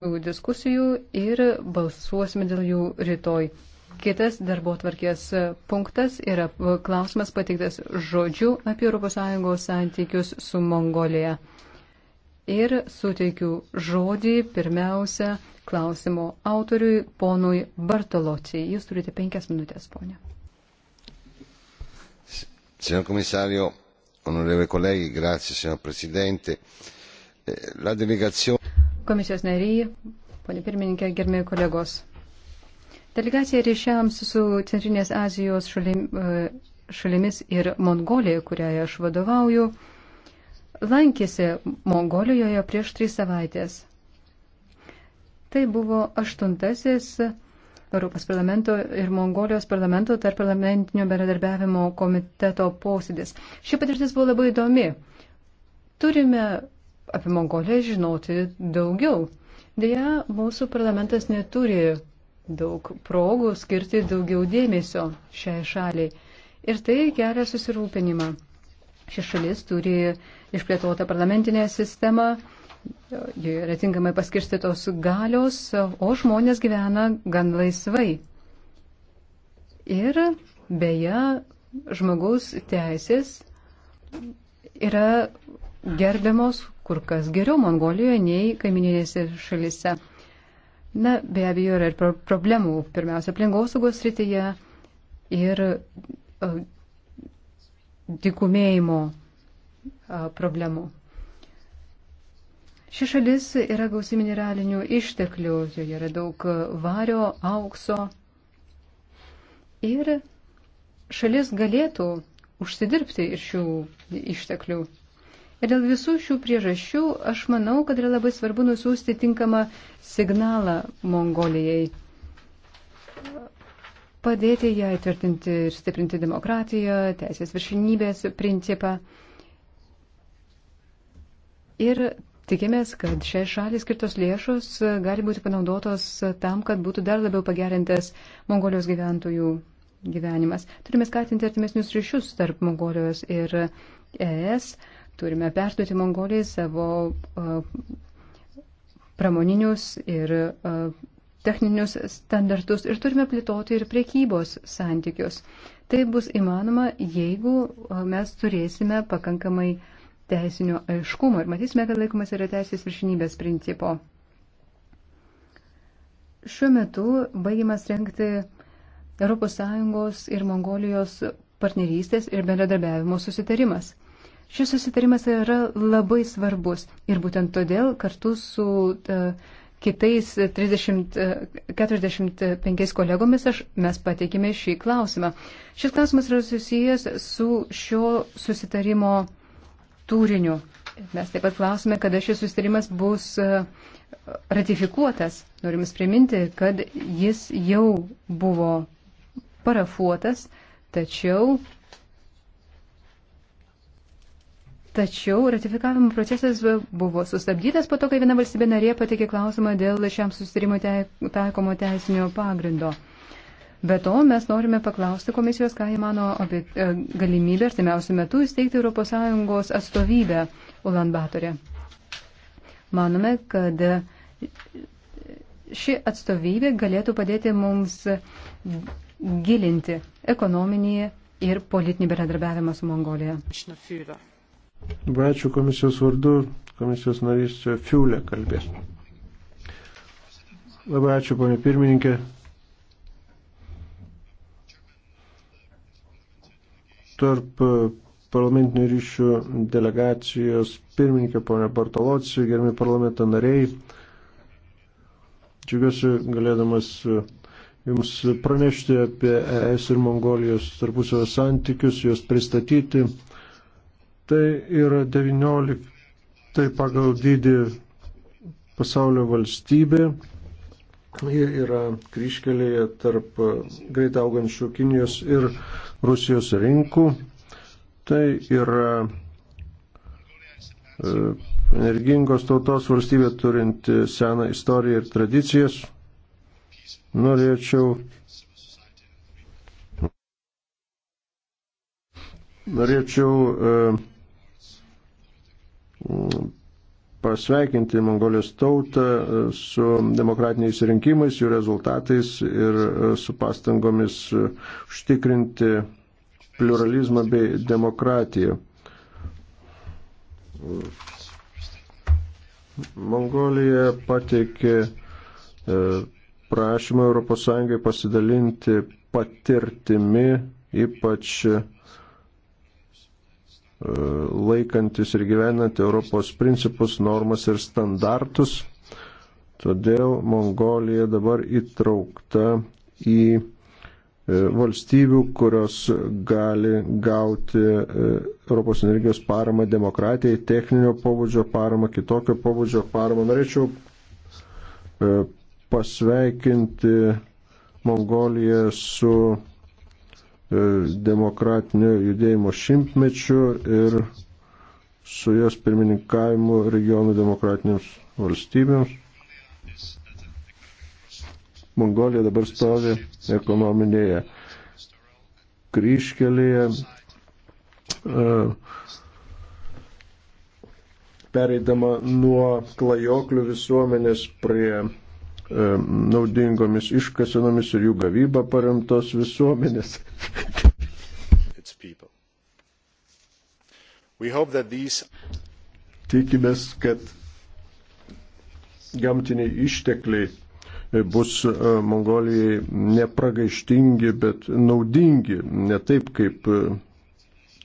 diskusijų ir balsuosime dėl jų rytoj. Kitas darbo tvarkės punktas yra klausimas pateiktas žodžiu apie ES santykius su Mongolija. Ir suteikiu žodį pirmiausia klausimo autoriui, ponui Bartolocijai. Jūs turite penkias minutės, ponė. Signor komisario, onorevoli kolegi, grazie, signor Presidente. Eh, la delegazione komisijos nariai, ponė pirmininkė, gerbėjai kolegos. Delegacija ryšiams su Centrinės Azijos šalim, e, šalimis ir Mongolija, kuriai aš vadovauju, lankėsi Mongolijoje prieš tris savaitės. Tai buvo aštuntasis Europos parlamento ir Mongolijos parlamento tarp parlamentinio bendradarbiavimo komiteto posėdis. Ši patirtis buvo labai įdomi. Turime apie Mongoliją žinoti daugiau. Deja, mūsų parlamentas neturi daug progų skirti daugiau dėmesio šiai šaliai. Ir tai kelia susirūpinimą. Ši šalis turi išplėtotą parlamentinę sistemą, jie yra tinkamai paskirstytos galios, o žmonės gyvena gan laisvai. Ir beje, žmogaus teisės yra gerbiamos kur kas geriau Mongolijoje nei kaimininėse šalise. Na, be abejo, yra ir problemų, pirmiausia, aplinkosaugos srityje ir dikumėjimo problemų. Ši šalis yra gausi mineralinių išteklių, joje yra daug vario, aukso ir šalis galėtų užsidirbti iš šių išteklių. Ir dėl visų šių priežasčių aš manau, kad yra labai svarbu nusiųsti tinkamą signalą Mongolijai, padėti ją įtvirtinti ir stiprinti demokratiją, teisės viršinybės principą. Ir tikimės, kad šiai šaliai skirtos lėšos gali būti panaudotos tam, kad būtų dar labiau pagerintas Mongolijos gyventojų gyvenimas. Turime skatinti artimesnius ryšius tarp Mongolijos ir ES Turime perduoti Mongolijai savo pramoninius ir techninius standartus ir turime plėtoti ir priekybos santykius. Tai bus įmanoma, jeigu mes turėsime pakankamai teisinio aiškumo ir matysime, kad laikomas yra teisės viršinybės principo. Šiuo metu baigiamas renkti ES ir Mongolijos partnerystės ir bendradarbiavimo susitarimas. Šis susitarimas yra labai svarbus ir būtent todėl kartu su uh, kitais 30, 45 e, kolegomis aš, mes pateikime šį klausimą. Šis klausimas yra susijęs su šio susitarimo turiniu. Mes taip pat klausime, kada šis susitarimas bus e, ratifikuotas. Norimis priminti, kad jis jau buvo parafuotas, tačiau Tačiau ratifikavimo procesas buvo sustabdytas po to, kai viena valstybė narė patikė klausimą dėl šiam susitarimui taikomo teisinio pagrindo. Be to, mes norime paklausti komisijos, ką jie mano apie e, galimybę artimiausių metų įsteigti ES atstovybę Ulanbatorė. Manome, kad ši atstovybė galėtų padėti mums gilinti ekonominį ir politinį bendradarbiavimą su Mongolija. Ačiū komisijos vardu, komisijos narys Fiulė kalbės. Labai ačiū, ponė pirmininkė. Tarp e, parlamentinių ryšių delegacijos pirmininkė ponė Bartolocijų, gerbiami parlamento nariai. Džiugiuosi galėdamas e, Jums pranešti apie ES ir Mongolijos tarpusavio santykius, juos pristatyti. Tai yra 19 tai pagal dydį pasaulio valstybė. Jie yra kryškelėje tarp greit augančių Kinijos ir Rusijos rinkų. Tai yra e, energingos tautos valstybė turinti seną istoriją ir tradicijas. Norėčiau norėčiau e, pasveikinti Mongolijos tautą e, su demokratiniais rinkimais, jų rezultatais ir e, su pastangomis e, užtikrinti pluralizmą bei demokratiją. Mongolija pateikė prašymą ES pasidalinti patirtimi, ypač E, laikantis ir gyvenant Europos principus, normas ir standartus. Todėl Mongolija dabar įtraukta į e, valstybių, kurios gali gauti e, Europos energijos paramą demokratijai, techninio pobūdžio paramą, kitokio pobūdžio paramą. Norėčiau pasveikinti Mongoliją su E, demokratinio judėjimo šimtmečių ir su jos pirmininkavimu regionų demokratinėms valstybėms. Mongolija dabar stovi ekonominėje kryškelėje, e, pereidama nuo klajoklių visuomenės prie E, naudingomis iškasenomis ir jų gavybą paremtos visuomenės. these... Tikimės, kad gamtiniai ištekliai bus e, Mongolijai nepragaištingi, bet naudingi, ne taip kaip e,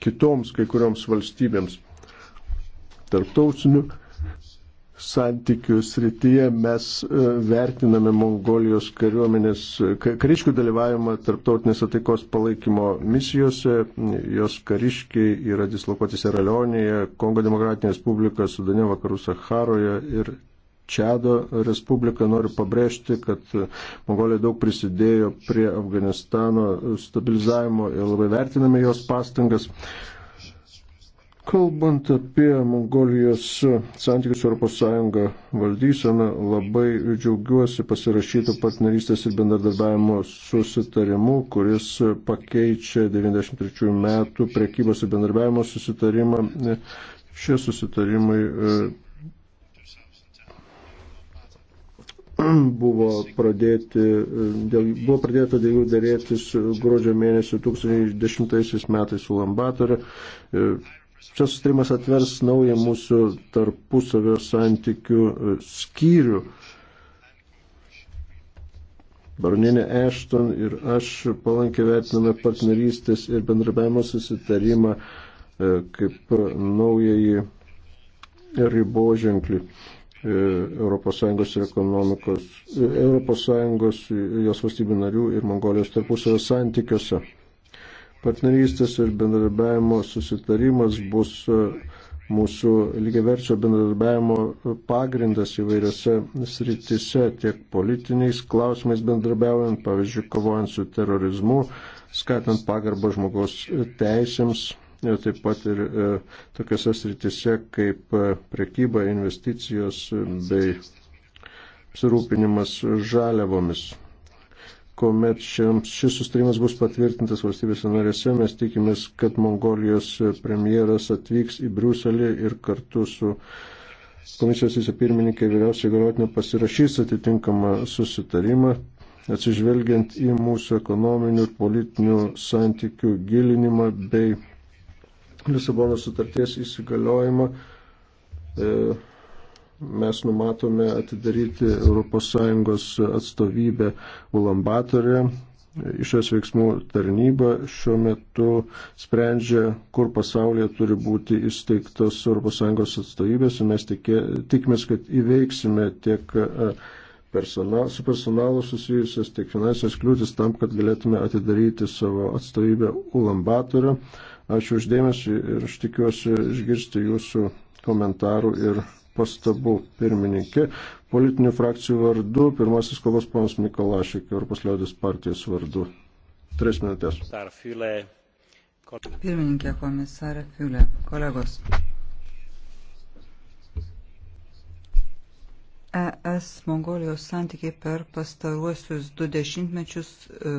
kitoms kai kurioms valstybėms. Tarptautiniu santykių srityje mes e, vertiname Mongolijos kariuomenės kariškių dalyvavimą tarptautinėse taikos palaikymo misijose. Jos kariškiai yra dislokuoti Seralionėje, Kongo Demokratinė Respublika, Sudane, Vakarų Saharoje ir Čado Respublika. Noriu pabrėžti, kad Mongolija daug prisidėjo prie Afganistano stabilizavimo ir labai vertiname jos pastangas. Kalbant apie Mongolijos santykius su Europos Sąjunga valdyseną, labai džiaugiuosi pasirašytų partnerystės ir bendradarbiavimo susitarimu, kuris pakeičia 93 metų prekybos ir bendradarbiavimo susitarimą. Šie susitarimai e, buvo, pradėti, e, dėl, buvo pradėta dėl jų dėrėtis gruodžio mėnesį 2010 metais su Lambatore Šios sustarimas atvers naują mūsų tarpusavio santykių e, skyrių. Baroninė Ešton ir aš palankiai vertiname partnerystės ir bendrabiavimo susitarimą e, kaip naująjį riboženklį. ES ir ekonomikos, ES, e, jos valstybių narių ir Mongolijos tarpusavio santykiuose. Partnerystės ir bendradarbiavimo susitarimas bus e, mūsų lygiaverčio bendradarbiavimo pagrindas įvairiose sritise, tiek politiniais klausimais bendradarbiaujant, pavyzdžiui, kovojant su terorizmu, skatant pagarbą žmogaus teisėms, e, taip pat ir e, tokiose sritise kaip e, prekyba, investicijos bei apsirūpinimas žaliavomis kuomet šis sustarimas bus patvirtintas valstybėse narėse, mes tikimės, kad Mongolijos premjeras atvyks į Briuselį ir kartu su komisijos įsipirmininkai vyriausiai galiotinė pasirašys atitinkamą susitarimą, atsižvelgiant į mūsų ekonominių ir politinių santykių gilinimą bei Lisabono sutarties įsigaliojimą. E, mes numatome atidaryti ES atstovybę Ulambatorė. Išės veiksmų tarnyba šiuo metu sprendžia, kur pasaulyje turi būti įsteigtos ES atstovybės ir mes tikė, tikimės, kad įveiksime tiek e, personal, su personalu susijusias, tiek finansinės kliūtis tam, kad galėtume atidaryti savo atstovybę Ulambatorė. Ačiū uždėmesi ir aš tikiuosi išgirsti jūsų komentarų ir pastabų pirmininkė. Politinių frakcijų vardu, pirmasis kovos ponas Mikolašik, Europos liaudės partijos vardu. Tris minutės. Pirmininkė komisarė Fiulė, kolegos. ES Mongolijos santykiai per pastaruosius du dešimtmečius e,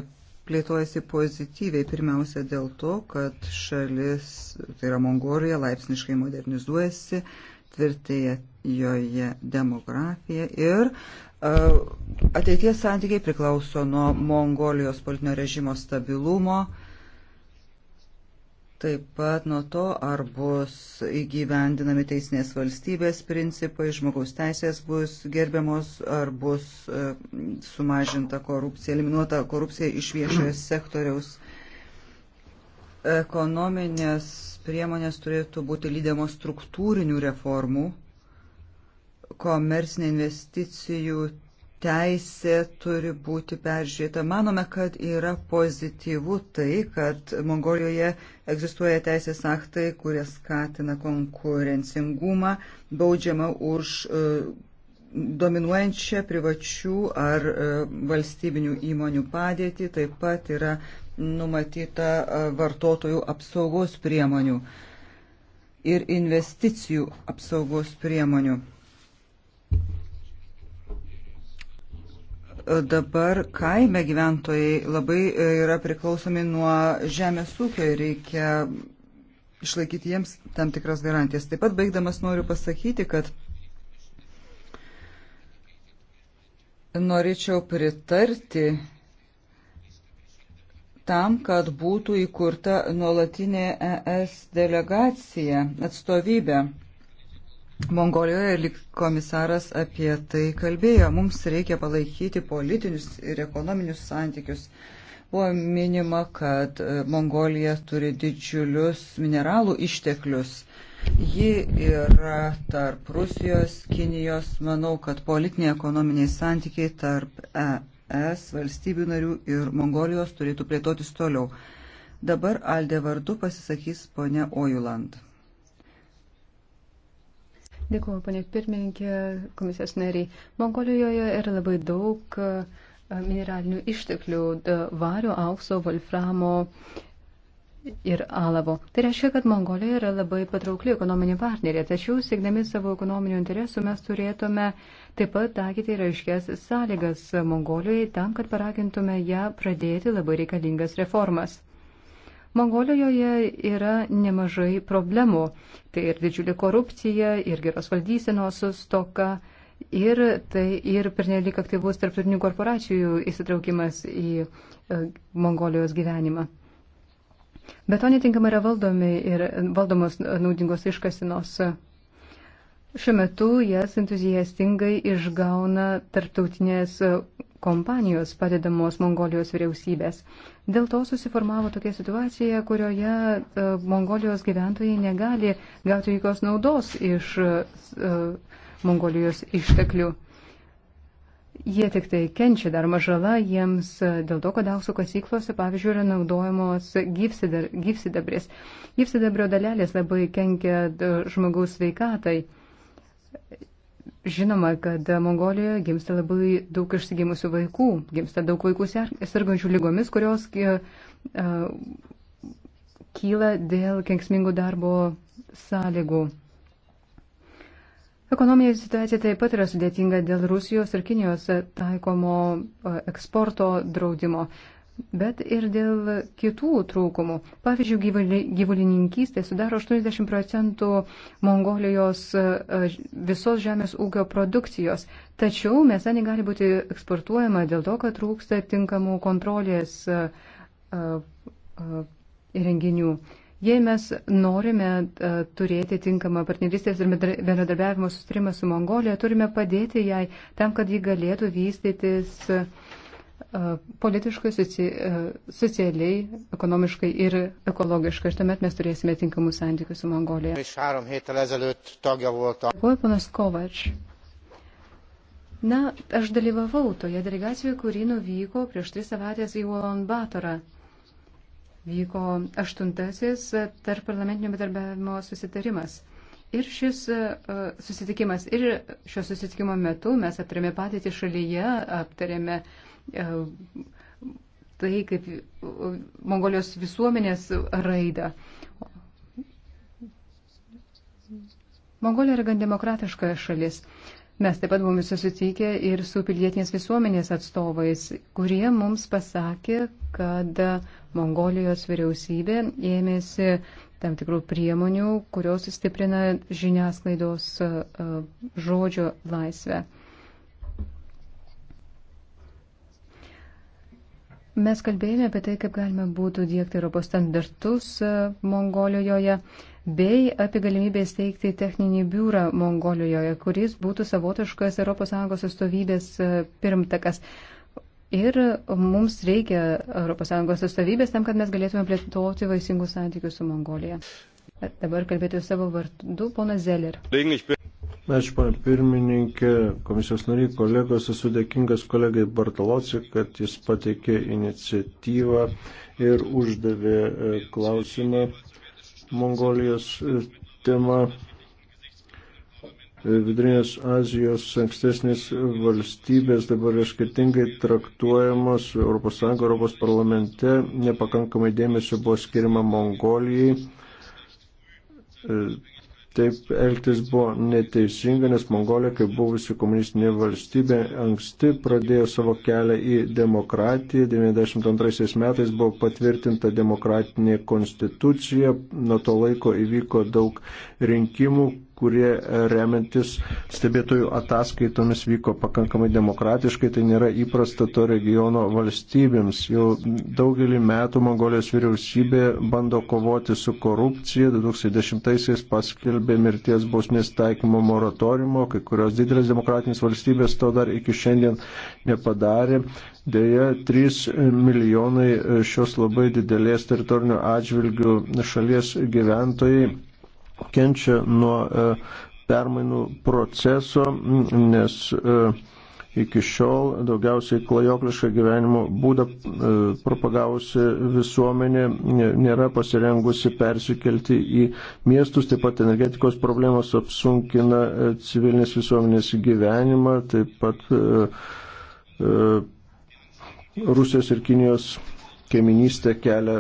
plėtojasi pozityviai, pirmiausia dėl to, kad šalis, tai yra Mongolija, laipsniškai modernizuojasi, tvirtėja joje demografija ir e, ateities santykiai priklauso nuo Mongolijos politinio režimo stabilumo, taip pat nuo to, ar bus įgyvendinami teisinės valstybės principai, žmogaus teisės bus gerbiamos, ar bus e, sumažinta korupcija, eliminuota korupcija iš viešojo sektoriaus Ekonominės priemonės turėtų būti lydimos struktūrinių reformų, komersinė investicijų teisė turi būti peržiūrėta. Manome, kad yra pozityvu tai, kad Mongolijoje egzistuoja teisės aktai, kurie skatina konkurencingumą, baudžiama už e, dominuojančią privačių ar e, valstybinių įmonių padėtį, taip pat yra numatyta e, vartotojų apsaugos priemonių ir investicijų apsaugos priemonių. E, dabar kaime gyventojai labai e, yra priklausomi nuo žemės ūkio ir reikia išlaikyti jiems tam tikras garantijas. Taip pat baigdamas noriu pasakyti, kad norėčiau pritarti tam, kad būtų įkurta nuolatinė ES delegacija, atstovybė. Mongolijoje lik komisaras apie tai kalbėjo. Mums reikia palaikyti politinius ir ekonominius santykius. Buvo minima, kad e, Mongolija turi didžiulius mineralų išteklius. Ji yra tarp Rusijos, Kinijos, manau, kad politiniai ekonominiai santykiai tarp e ES valstybių narių ir Mongolijos turėtų plėtotis toliau. Dabar Aldė vardu pasisakys ponia Ojuland. Dėkuoju, ponia pirmininkė, komisijos nariai. Mongolijoje yra labai daug e, mineralinių išteklių - vario, aukso, volframo, ir Alavo. Tai reiškia, kad Mongolija yra labai patraukli ekonominė partnerė, tačiau siekdami savo ekonominių interesų mes turėtume taip pat taikyti ir aiškės sąlygas Mongolijai tam, kad paragintume ją pradėti labai reikalingas reformas. Mongolijoje yra nemažai problemų. Tai ir didžiulė korupcija, ir geros valdysenos stoka, ir, tai, ir pernelik aktyvus tarptautinių korporacijų įsitraukimas į e, Mongolijos gyvenimą. Bet to netinkamai yra valdomi ir valdomos naudingos iškasinos. Šiuo metu jas entuziastingai išgauna tarptautinės kompanijos padedamos Mongolijos vyriausybės. Dėl to susiformavo tokia situacija, kurioje e, Mongolijos gyventojai negali gauti jokios naudos iš e, Mongolijos išteklių. Jie tik tai kenčia dar mažala jiems e, dėl to, kad aukso kasyklose, pavyzdžiui, yra naudojamos gyvsidabris. Gyvsidabrio dalelės labai kenkia e, žmogaus sveikatai. Žinoma, kad Mongolijoje gimsta labai daug išsigimusių vaikų, gimsta daug vaikų sergančių lygomis, kurios e, kyla dėl kenksmingų darbo sąlygų. Ekonominė situacija taip pat yra sudėtinga dėl Rusijos ir Kinijos taikomo eksporto draudimo, bet ir dėl kitų trūkumų. Pavyzdžiui, gyvulininkystė sudaro 80 procentų Mongolijos visos žemės ūkio produkcijos, tačiau mėsa negali būti eksportuojama dėl to, kad trūksta tinkamų kontrolės įrenginių. Uh, uh, Jei mes norime e, turėti tinkamą partnerystės ir bendradarbiavimo sustarimą su Mongolija, turime padėti jai tam, kad ji galėtų vystytis e, politiškai, e, socialiai, ekonomiškai ir ekologiškai. Ir tuomet mes turėsime tinkamus santykius su Mongolija. Dėkuoju, panas Kovač. Na, aš dalyvavau toje delegacijoje, kuri nuvyko prieš tris savaitės į Ulan Batorą vyko aštuntasis tarp parlamentinio bedarbiavimo susitarimas. Ir šis e, susitikimas, ir šio susitikimo metu mes aptarėme patį šalyje, aptarėme e, tai, kaip e, Mongolijos visuomenės raidą. Mongolija yra gan demokratiška šalis. Mes taip pat buvome susitikę ir su pilietinės visuomenės atstovais, kurie mums pasakė, kad Mongolijos vyriausybė ėmėsi tam tikrų priemonių, kurios stiprina žiniasklaidos e, žodžio laisvę. Mes kalbėjome apie tai, kaip galima būtų dėkti Europos standartus e, Mongolijoje. Uh, bei apie galimybę steigti techninį biurą Mongolijoje, kuris būtų savotiškas ES atstovybės e, pirmtakas. Ir mums reikia ES atstovybės tam, kad mes galėtume plėtoti vaisingus santykius su Mongolija. Dabar kalbėtų savo vardu, ponas Zeller. Ačiū, pana pirmininkė, komisijos nariai, kolegos, esu dėkingas kolegai Bartaloci, kad jis pateikė iniciatyvą ir uždavė e, klausimą Mongolijos e, tema e, Vidurinės Azijos ankstesnės valstybės dabar yra skirtingai traktuojamos ES, ES parlamente, nepakankamai dėmesio buvo skirima Mongolijai e, Taip elgtis buvo neteisinga, nes Mongolija, kaip buvusi komunistinė valstybė, anksti pradėjo savo kelią į demokratiją. 92 metais buvo patvirtinta demokratinė konstitucija. Nuo to laiko įvyko daug rinkimų, kurie e, remiantis stebėtojų ataskaitomis vyko pakankamai demokratiškai, tai nėra įprasta to regiono valstybėms. Jau daugelį metų Mongolijos vyriausybė bando kovoti su korupcija, 2010-aisiais paskelbė mirties bausmės taikymo moratoriumo, kai kurios didelės demokratinės valstybės to dar iki šiandien nepadarė. Deja, 3 milijonai e, šios labai didelės teritorinio atžvilgių šalies gyventojai kenčia nuo e, permainų proceso, nes e, iki šiol daugiausiai klajoklišką gyvenimo būdą e, propagavusi visuomenė nėra pasirengusi persikelti į miestus, taip pat energetikos problemos apsunkina civilinės visuomenės gyvenimą, taip pat Rusijos ir Kinijos kaiminystė kelia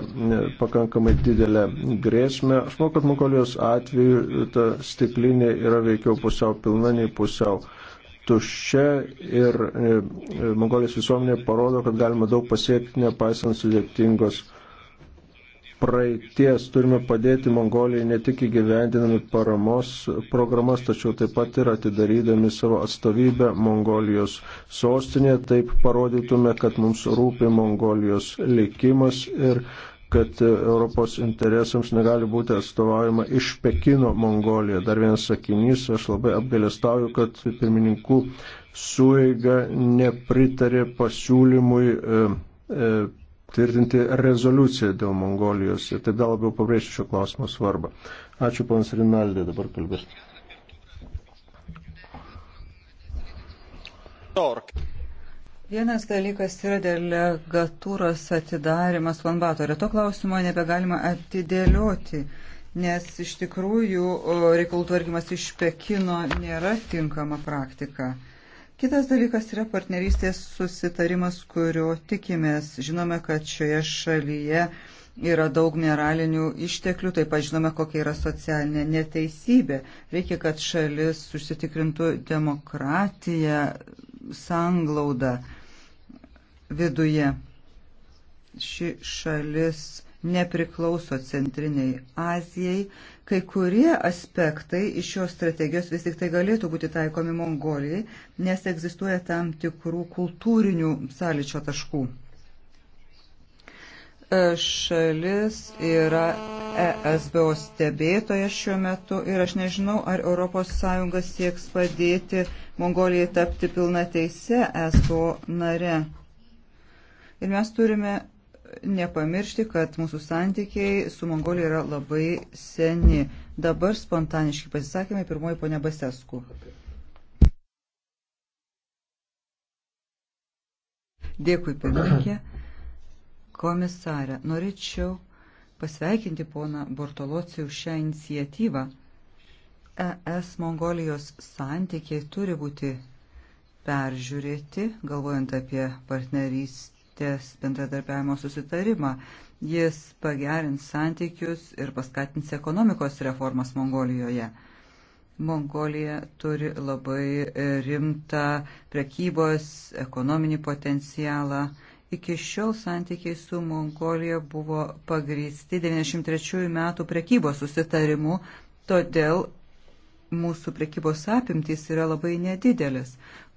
pakankamai didelę grėsmę. Aš manau, kad Mongolijos atveju ta stiklinė yra veikiau pusiau pilna nei pusiau tuščia ir e, e, Mongolijos visuomenė parodo, kad galima daug pasiekti, nepaisant sudėtingos praeities. Turime padėti Mongolijai ne tik įgyvendinami paramos programas, tačiau taip pat ir atidarydami savo atstovybę Mongolijos sostinėje. Taip parodytume, kad mums rūpi Mongolijos likimas ir kad Europos interesams negali būti atstovaujama iš Pekino Mongolija. Dar vienas sakinys, aš labai apgailestauju, kad pirmininkų suiga nepritarė pasiūlymui e, e, tvirtinti rezoliuciją dėl Mongolijos ir taip dar labiau pabrėžti šio klausimo svarbą. Ačiū, ponas Rinaldė, dabar kalbės. Vienas dalykas yra delegatūros atidarimas Lonbatore. To klausimo nebegalima atidėlioti, nes iš tikrųjų reikalų tvarkymas iš Pekino nėra tinkama praktika. Kitas dalykas yra partnerystės susitarimas, kurio tikimės. Žinome, kad šioje šalyje yra daug mineralinių išteklių, taip pat žinome, kokia yra socialinė neteisybė. Reikia, kad šalis užsitikrintų demokratiją, sanglaudą viduje. Ši šalis nepriklauso Centriniai Azijai Kai kurie aspektai iš šios strategijos vis tik tai galėtų būti taikomi Mongolijai, nes egzistuoja tam tikrų kultūrinių sąlyčio taškų. E, šalis yra ESBO stebėtoja šiuo metu ir aš nežinau, ar ES sieks padėti Mongolijai tapti pilna teise ESBO nare. Ir mes turime nepamiršti, kad mūsų santykiai su Mongolija yra labai seni. Dabar spontaniški pasisakymai. Pirmoji ponia Basesku. Dėkui, pirmininkė. Komisarė, norėčiau pasveikinti poną Bortolocių šią iniciatyvą. ES Mongolijos santykiai turi būti peržiūrėti, galvojant apie partnerystę partnerystės bendradarbiavimo susitarimą. Jis pagerins santykius ir paskatins ekonomikos reformas Mongolijoje. Mongolija turi labai rimtą prekybos, ekonominį potencialą. Iki šiol santykiai su Mongolija buvo pagrysti 93 metų prekybos susitarimu, todėl mūsų prekybos apimtys yra labai nedidelis.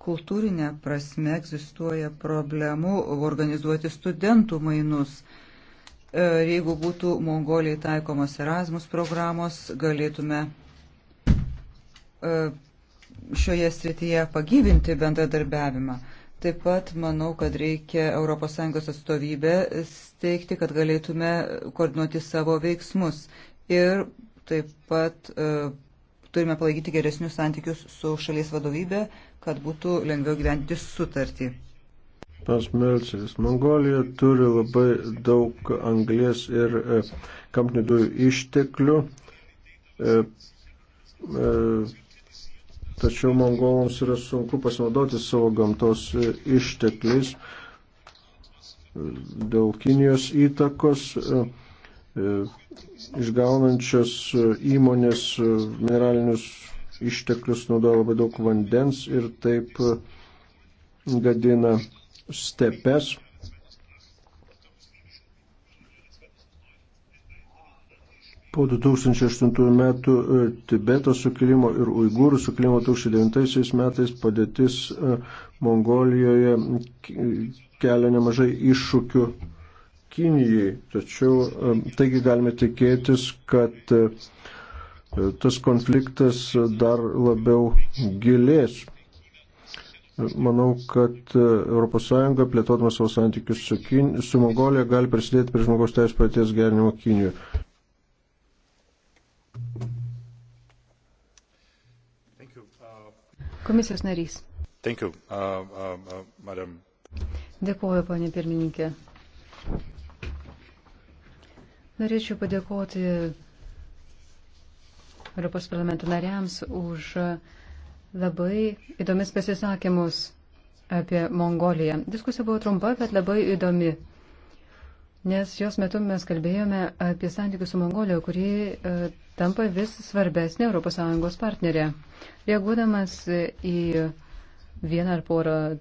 Kultūrinė prasme egzistuoja problemų organizuoti studentų mainus. E, jeigu būtų Mongolijai taikomos Erasmus programos, galėtume e, šioje srityje pagyvinti bendradarbiavimą. Taip pat manau, kad reikia ES atstovybę steigti, kad galėtume koordinuoti savo veiksmus ir taip pat e, turime palaikyti geresnius santykius su šalies vadovybė, kad būtų lengviau gyventi sutartį. Pas Melceris, Mongolija turi labai daug anglės ir e, kamtinių dujų išteklių, e, e, tačiau mongolams yra sunku pasinaudoti savo gamtos e, ištekliais e, dėl Kinijos įtakos. E, E, išgaunančios e, įmonės e, mineralinius išteklius naudoja labai daug vandens ir taip gadina stepes. Po 2008 metų Tibeto sukilimo ir Uigūrų sukilimo 2009 metais padėtis Mongolijoje kelia nemažai iššūkių Kinijai. Tačiau taigi galime tikėtis, kad e, tas konfliktas dar labiau gilės. Manau, kad ES plėtotama savo santykius su, Kin... su Mongolija gali prisidėti prie žmogaus teisų praties gerinimo Kinijoje. Uh, Komisijos narys. Thank you, uh, uh, uh, madam. Dėkuoju, ponė pirmininkė. Norėčiau padėkoti Europos parlamento nariams už labai įdomis pasisakymus apie Mongoliją. Diskusija buvo trumpa, bet labai įdomi, nes jos metu mes kalbėjome apie santykius su Mongolija, kuri e, tampa vis svarbesnė ES partnerė. Reaguodamas į vieną ar porą e,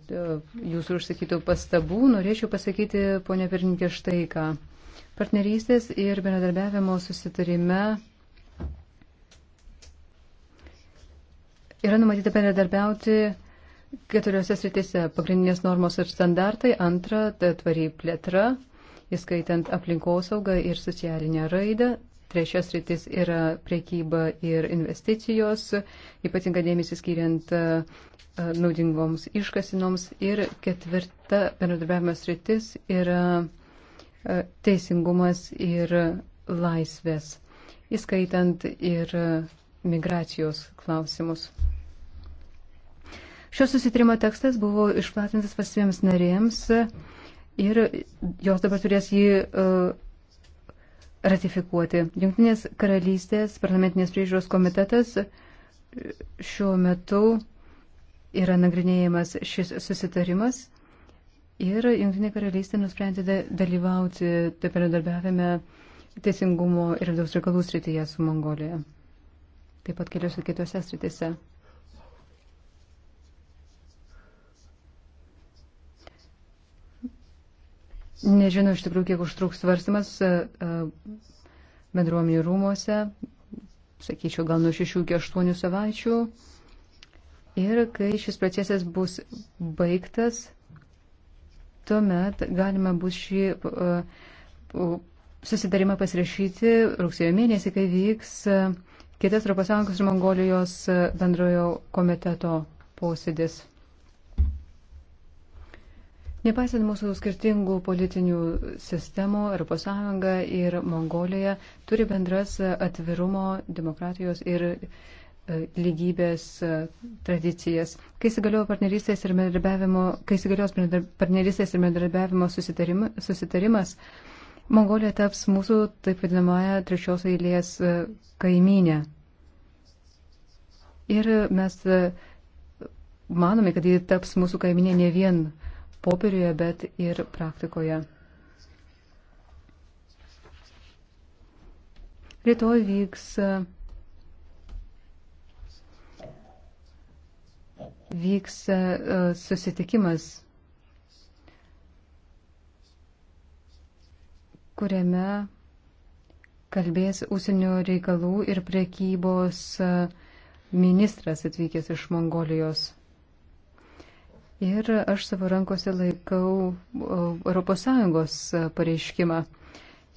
jūsų užsakytų pastabų, norėčiau pasakyti, ponia Pirninkė, štai ką. Partnerystės ir bendradarbiavimo susitarime yra numatyta bendradarbiauti keturiose sritise - pagrindinės normos ir standartai, antra - tvariai plėtra, įskaitant aplinkosaugą ir socialinę raidą, trečia sritis yra priekyba ir investicijos, ypatinga dėmesį skiriant e, naudingoms iškasinoms ir ketvirta bendradarbiavimo sritis yra E, teisingumas ir laisvės, įskaitant ir migracijos klausimus. Šio susitrimo tekstas buvo išplatintas pasiems narėms ir jos dabar turės jį e, ratifikuoti. Junktinės karalystės parlamentinės priežiūros komitetas šiuo metu yra nagrinėjamas šis susitarimas Ir Junktinė karalystė nusprendė dalyvauti taip bendradarbiavime teisingumo ir vidaus reikalų srityje su Mongolija. Taip pat keliose kitose srityse. Nežinau iš tikrųjų, kiek užtruks svarstymas e, e, bendruomenių rūmose, sakyčiau, gal nuo 6 iki 8 savaičių. Ir kai šis procesas bus baigtas, tuomet galima bus šį e, susitarimą pasirašyti rugsėjo mėnesį, kai vyks e, kitas Europos Sąjungos ir Mongolijos e, bendrojo komiteto posėdis. Nepaisant mūsų skirtingų politinių sistemų, ES ir Mongolija turi bendras atvirumo, demokratijos ir E, lygybės e, tradicijas. Kai įsigaliojo partnerystės ir bendradarbiavimo, kai įsigalios partnerystės ir bendradarbiavimo susitarimas, Mongolija taps mūsų taip vadinamoje trečios eilės e, kaiminė. Ir mes manome, kad ji taps mūsų kaiminė ne vien popieriuje, bet ir praktikoje. Rytoj vyks uh, vyks e, susitikimas, kuriame kalbės užsienio reikalų ir priekybos e, ministras atvykęs iš Mongolijos. Ir aš savo rankose laikau ES e, pareiškimą.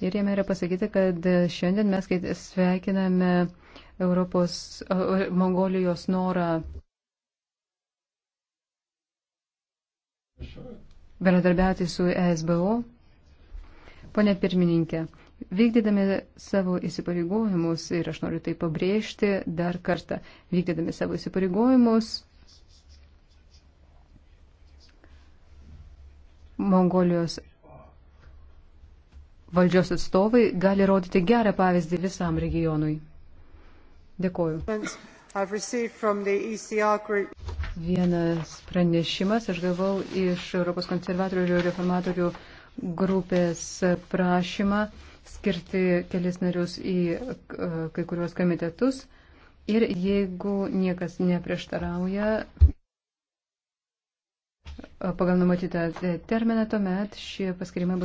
Ir jame yra pasakyta, kad šiandien mes sveikiname Europos, Mongolijos norą bendradarbiauti su ESBO. Pone pirmininkė, vykdydami savo įsipareigojimus, ir aš noriu tai pabrėžti dar kartą, vykdydami savo įsipareigojimus, Mongolijos valdžios atstovai gali rodyti gerą pavyzdį visam regionui. Dėkoju vienas pranešimas, aš gavau iš Europos konservatorių ir reformatorių grupės prašymą skirti kelis narius į e, kai kuriuos komitetus. Ir jeigu niekas neprieštarauja e, pagal numatytą terminą, tuomet šie paskirimai bus.